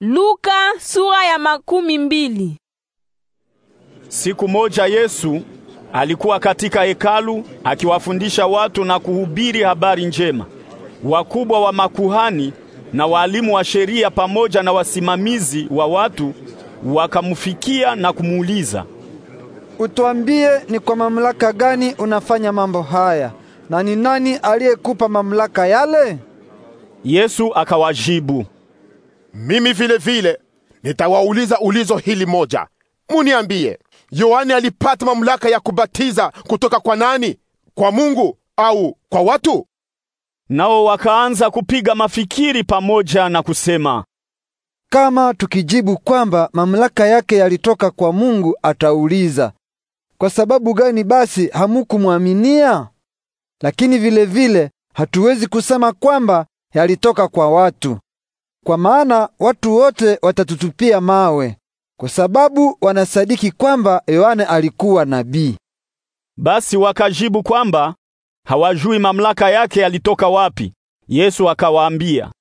Luka sura ya makumi mbili. Siku moja Yesu alikuwa katika hekalu akiwafundisha watu na kuhubiri habari njema. Wakubwa wa makuhani na walimu wa sheria pamoja na wasimamizi wa watu wakamfikia na kumuuliza, "Utuambie ni kwa mamlaka gani unafanya mambo haya? Na ni nani aliyekupa mamlaka yale?" Yesu akawajibu, mimi vile vile nitawauliza ulizo hili moja. Muniambie, Yohane alipata mamlaka ya kubatiza kutoka kwa nani? Kwa Mungu au kwa watu? Nao wakaanza kupiga mafikiri pamoja na kusema, kama tukijibu kwamba mamlaka yake yalitoka kwa Mungu, atauliza kwa sababu gani basi hamukumwaminia? Lakini vile vile hatuwezi kusema kwamba yalitoka kwa watu, kwa maana watu wote watatutupia mawe kwa sababu wanasadiki kwamba Yohane alikuwa nabii. Basi wakajibu kwamba hawajui mamlaka yake yalitoka wapi. Yesu akawaambia,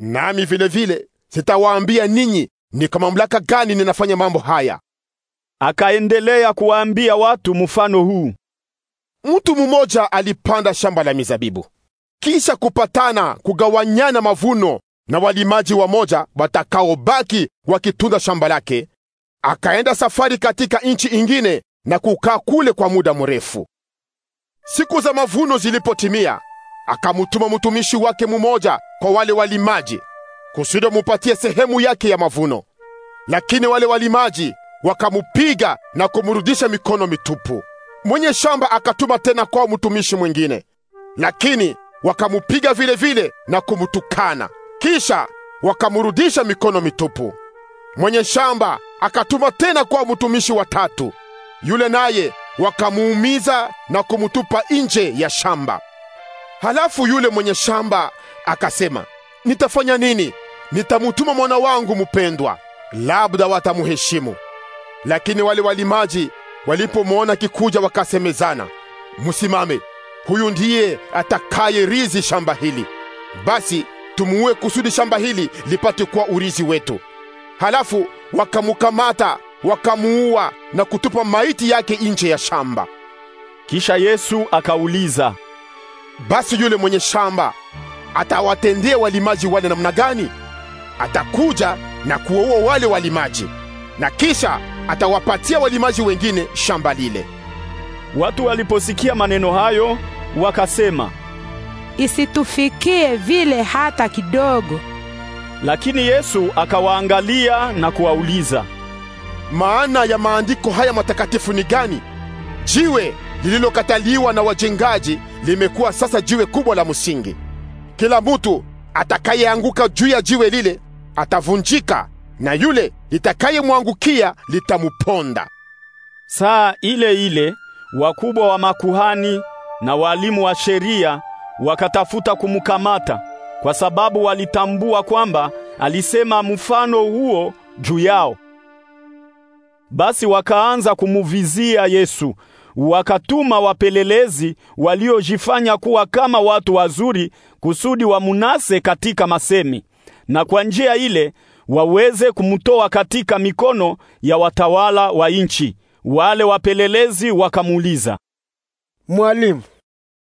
nami vile vile sitawaambia ninyi ni kwa mamlaka gani ninafanya mambo haya. Akaendelea kuwaambia watu mfano huu: mtu mmoja alipanda shamba la mizabibu, kisha kupatana kugawanyana mavuno na walimaji wamoja watakaobaki wakitunza shamba lake. Akaenda safari katika nchi ingine na kukaa kule kwa muda mrefu. Siku za mavuno zilipotimia, akamutuma mtumishi wake mmoja kwa wale walimaji kusudi mupatie sehemu yake ya mavuno, lakini wale walimaji wakamupiga na kumrudisha mikono mitupu. Mwenye shamba akatuma tena kwa mtumishi mwingine, lakini wakamupiga vile vile na kumtukana. Kisha wakamrudisha mikono mitupu. Mwenye shamba akatuma tena kwa mtumishi watatu, yule naye wakamuumiza na kumtupa nje ya shamba. Halafu yule mwenye shamba akasema, nitafanya nini? Nitamutuma mwana wangu mpendwa, labda watamuheshimu. Lakini wale walimaji walipomwona kikuja, wakasemezana, msimame, huyu ndiye atakayerizi shamba hili. Basi tumuue kusudi shamba hili lipate kuwa urithi wetu. Halafu wakamukamata wakamuua na kutupa maiti yake nje ya shamba. Kisha Yesu akauliza, basi yule mwenye shamba atawatendea walimaji wale namna gani? Atakuja na kuwaua wale walimaji na kisha atawapatia walimaji wengine shamba lile. Watu waliposikia maneno hayo wakasema isitufikie vile hata kidogo. Lakini Yesu akawaangalia na kuwauliza, maana ya maandiko haya matakatifu ni gani? Jiwe lililokataliwa na wajengaji limekuwa sasa jiwe kubwa la msingi. Kila mtu atakayeanguka juu ya jiwe lile atavunjika, na yule litakayemwangukia litamuponda. Saa ile ile wakubwa wa makuhani na walimu wa sheria wakatafuta kumkamata, kwa sababu walitambua kwamba alisema mfano huo juu yao. Basi wakaanza kumuvizia Yesu, wakatuma wapelelezi waliojifanya kuwa kama watu wazuri kusudi wamunase katika masemi, na kwa njia ile waweze kumtoa katika mikono ya watawala wa nchi. Wale wapelelezi wakamuuliza, Mwalimu,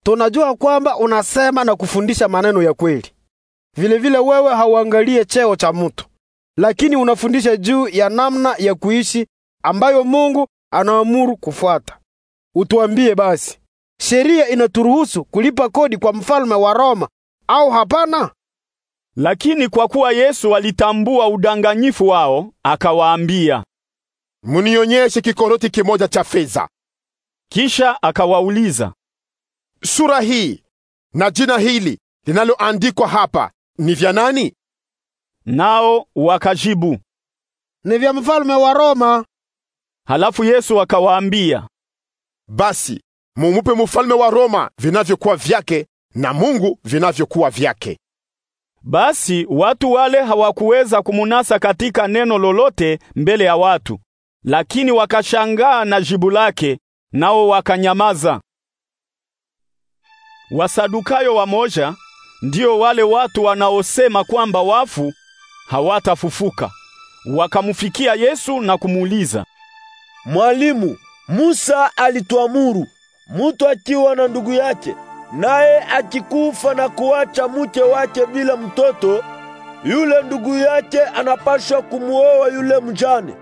tunajua kwamba unasema na kufundisha maneno ya kweli. Vilevile vile wewe hauangalie cheo cha mtu, lakini unafundisha juu ya namna ya kuishi ambayo Mungu anaamuru kufuata. Utuambie basi, sheria inaturuhusu kulipa kodi kwa mfalme wa Roma au hapana? Lakini kwa kuwa Yesu alitambua udanganyifu wao, akawaambia, munionyeshe kikoroti kimoja cha fedha. Kisha akawauliza, sura hii na jina hili linaloandikwa hapa ni vya nani? Nao wakajibu, ni vya mfalme wa Roma. Halafu Yesu akawaambia, basi mumupe mfalme wa Roma vinavyokuwa vyake na Mungu vinavyokuwa vyake. Basi watu wale hawakuweza kumunasa katika neno lolote mbele ya watu, lakini wakashangaa na jibu lake, nao wakanyamaza. Wasadukayo wamoja ndio wale watu wanaosema kwamba wafu hawatafufuka. Wakamfikia Yesu na kumuuliza, Mwalimu, Musa alituamuru mutu akiwa na ndugu yake naye akikufa na kuacha mke wake bila mtoto, yule ndugu yake anapashwa kumuoa yule mjane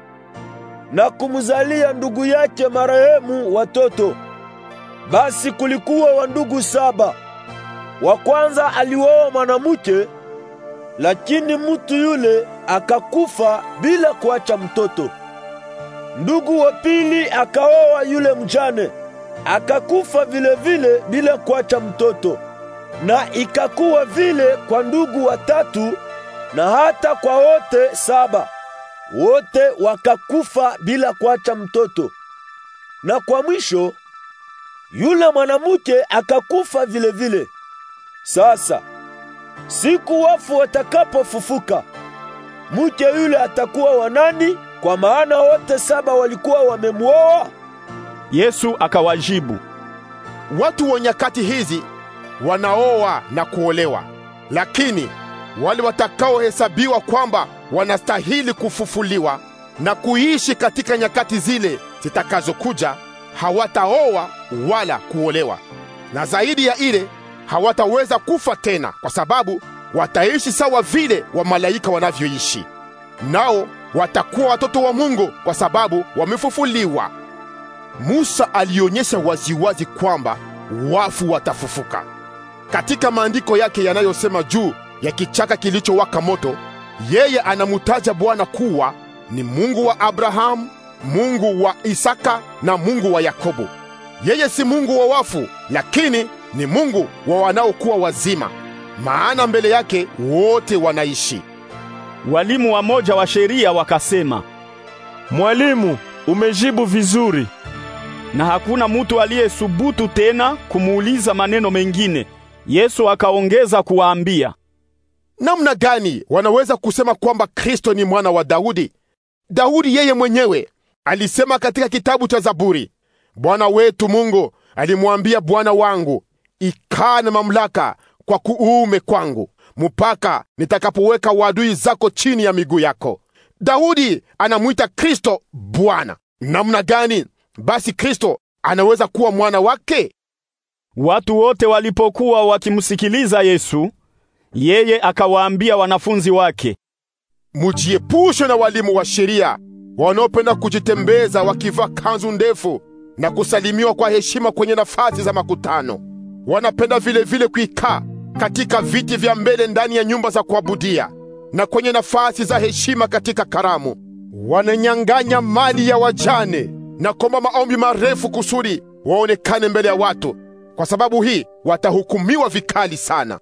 na kumzalia ndugu yake marehemu watoto. Basi kulikuwa wandugu saba. Wa kwanza alioa mwanamke, lakini mtu yule akakufa bila kuacha mtoto. Ndugu wa pili akaoa yule mjane, akakufa vile vile bila kuacha mtoto. Na ikakuwa vile kwa ndugu watatu na hata kwa wote saba. Wote wakakufa bila kuacha mtoto. Na kwa mwisho yule mwanamke akakufa vilevile vile. Sasa siku wafu watakapofufuka, mke yule atakuwa wa nani? Kwa maana wote saba walikuwa wamemwoa. Yesu akawajibu, watu wa nyakati hizi wanaoa na kuolewa, lakini wale watakaohesabiwa kwamba wanastahili kufufuliwa na kuishi katika nyakati zile zitakazokuja hawataoa wala kuolewa, na zaidi ya ile hawataweza kufa tena, kwa sababu wataishi sawa vile wa malaika wanavyoishi. Nao watakuwa watoto wa Mungu kwa sababu wamefufuliwa. Musa alionyesha waziwazi kwamba wafu watafufuka. Katika maandiko yake yanayosema juu ya kichaka kilichowaka moto, yeye anamutaja Bwana kuwa ni Mungu wa Abrahamu, Mungu wa Isaka na Mungu wa Yakobo. Yeye si Mungu wa wafu, lakini ni Mungu wa wanaokuwa wazima, maana mbele yake wote wanaishi. Walimu wamoja wa sheria wakasema, Mwalimu, umejibu vizuri. Na hakuna mutu aliyesubutu tena kumuuliza maneno mengine. Yesu akaongeza kuwaambia, namna gani wanaweza kusema kwamba Kristo ni mwana wa Daudi? Daudi yeye mwenyewe Alisema katika kitabu cha Zaburi, Bwana wetu Mungu alimwambia Bwana wangu, ikaa na mamlaka kwa kuume kwangu mpaka nitakapoweka wadui zako chini ya miguu yako. Daudi anamwita Kristo Bwana. Namna gani basi Kristo anaweza kuwa mwana wake? Watu wote walipokuwa wakimsikiliza Yesu, yeye akawaambia wanafunzi wake, mujiepushe na walimu wa sheria wanaopenda kujitembeza wakivaa kanzu ndefu na kusalimiwa kwa heshima kwenye nafasi za makutano. Wanapenda vilevile kuikaa katika viti vya mbele ndani ya nyumba za kuabudia na kwenye nafasi za heshima katika karamu. Wananyang'anya mali ya wajane na kuomba maombi marefu kusudi waonekane mbele ya watu. Kwa sababu hii watahukumiwa vikali sana.